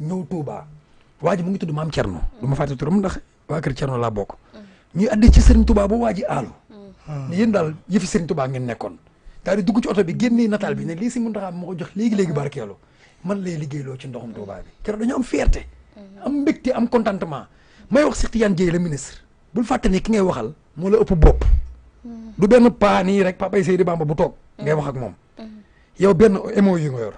ñëw tuubaa waa mu ngi tudd maam Thierno du ma fàtte turam ndax waa kër Thierno laa bokk ñuy addi ci Serigne Touba ba waa ji aalu ne yéen daal yëfi Serigne Touba ngeen nekkoon daal dugg ci oto bi génnee nataal bi ne lii si Mountakha ma ko jox léegi-léegi barkeelu man lay liggéeyloo ci ndoxum Touba bi keroog dañu am fierté am mbégte am contentement may wax Cheikh Tidiane Dièye la ministre bul fàtte ki ngay waxal moo la ëpp bopp du benn paa nii rek papay bu toog ngay wax ak moom yow benn émo yi nga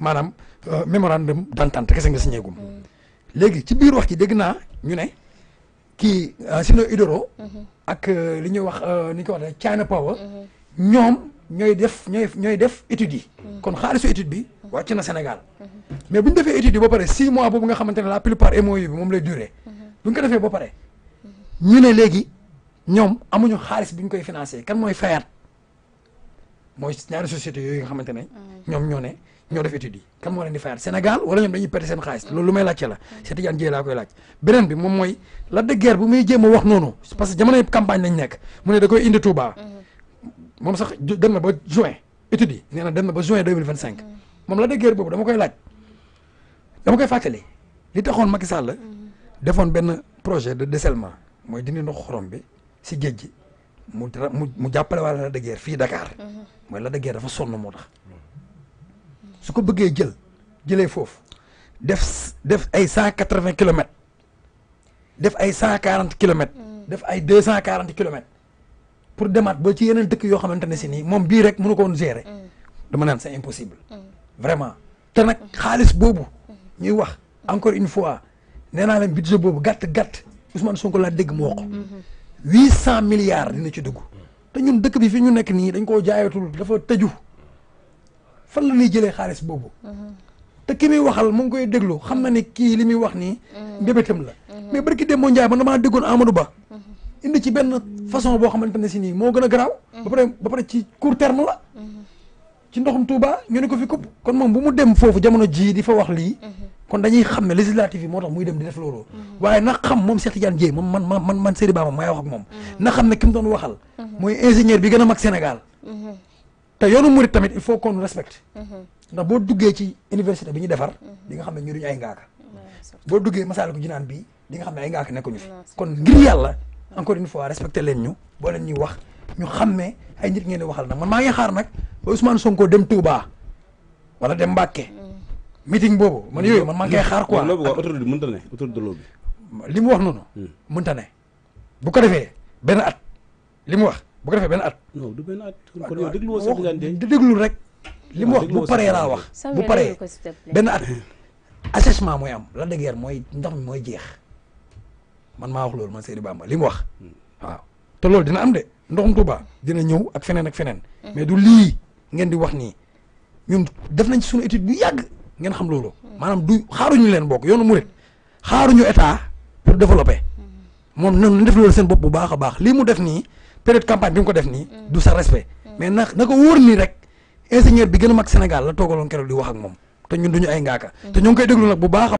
manam euh, memorandum d'entente kese nga signé gum légui ci biir wax ci dégg naa ñu né ki euh, Sino Hydro mhm. ak euh, li ñu wax ni ko waxee China Power mhm. ñom ñoy def ñoy ñoy def étude mhm. kon xaalisu étude bi wàcc na Sénégal mais bu défé étude ba paré 6 mois boobu nga xamante la plupart MOU bi mom lay durer buñ ko défé ba paré ñu né légui ñom amuñu xaalis bi koy financer kan moy fayaat mooy ñaari société yooyu nga xamante ne mm. ñoom ñoo ne ñoo def études yi kan moo leen di fayaat Sénégal wala ñoom dañuy perte seen xaalis loolu lu may laajte la mm. c'est Tidiane Dièye laa koy laaj beneen bi moom mooy la de guerre bu muy jéem a wax noonu parce que jamono yëpp campagne lañ nekk mu ne da koy indi Touba mm-hmm. moom sax dem na ba juin études yi nee na dem na ba juin 2025 mm. moom la de guerre boobu dama koy laaj dama koy fàttali li taxoon Macky Sall mm-hmm. defoon benn projet de désellement mooy dindi ndox xorom bi si géej gi mu mu jàppale waa de guerre fi Dakar. moy la de guerre dafa sonu moo tax. su ko beugé jël jëlé def def ay 180 km def ay 140 km hmm. def ay 240 km pour demat ba ci yenen dëkk yo xamantene ci ni mom bi rek mënu ko won gérer. Hmm. dama naan c'est impossible. Hmm. vraiment té nak xaalis bobu ñuy wax encore une fois nee naa budget bobu gatt gatt Ousmane Sonko la dégg moko huit cent milliards dina ci dugg te ñun dëkk bi fi ñu nekk nii dañ koo jaayatul dafa tëju fan la ñuy jëlee xaalis boobu te ki muy waxal mu ngi koy déglu xam na ne kii li muy wax nii mbébétam la mais dem Demba Ndiaye man damaa déggoon Amadou Ba indi ci benn façon boo xamante ne si nii moo gën a garaaw ba pare ba pare ci court terme la ci ndoxum Touba ñu ne ko fi kupp kon moom bu mu dem foofu jamono jii di fa wax lii kon dañuy xam ne législative yi moo tax muy dem di def lolu mhm. waye na xam mom Cheikh Tidiane Dièye mom man man man man Baba may wax ak mom mhm. na xam ne ki doon waxal moy mhm. ingénieur bi gëna mag Sénégal té yoonu mourid tamit il faut qu'on respecte ndax bo duggé ci université biñu défar di nga xam ne ñu duñ ay ngaaka boo duggee Masaalikul jinan bi di nga xam ne ay ngaaka nekkuñu fi kon ngir yalla encore une fois respecté len ñu bo len ñi wax ñu xam ne ay nit ngeen di waxal nag man ma ngi xaar nak Ousmane Sonko dem Touba wala dem Mbacké meeting boobu man mm. yooyu man maa ngi koy xaar quoi loolu li mu wax noonu mm. mënta ne bu ko defee benn at li mu wax bu ko defee benn at non du benn at di déglu rek li mu ah, wax bu laa wax bu paree benn at assèchement mooy am la de mooy ndox mi mooy jeex man maa wax loolu man Seydou Bamba li mu wax mm. waaw te loolu dina am de ndoxum Touba dina ñëw ak feneen ak feneen mais du lii ngeen di wax nii ñun def nañ suñu étude bu yàgg ngeen xam loolu. maanaam du xaaruñu leen bokk yoonu murit xaaruñu état pour développer. moom nañu def loolu seen bopp bu baax a baax lii mu def nii période campagne bi mu ko def nii. du sa respect. mais na na ko wóor nii rek ingénieur bi gën a mag Sénégal la toogaloon keroog di wax ak moom te ñun duñu ay ngaaka. te ñoo ngi koy déglu nag bu baax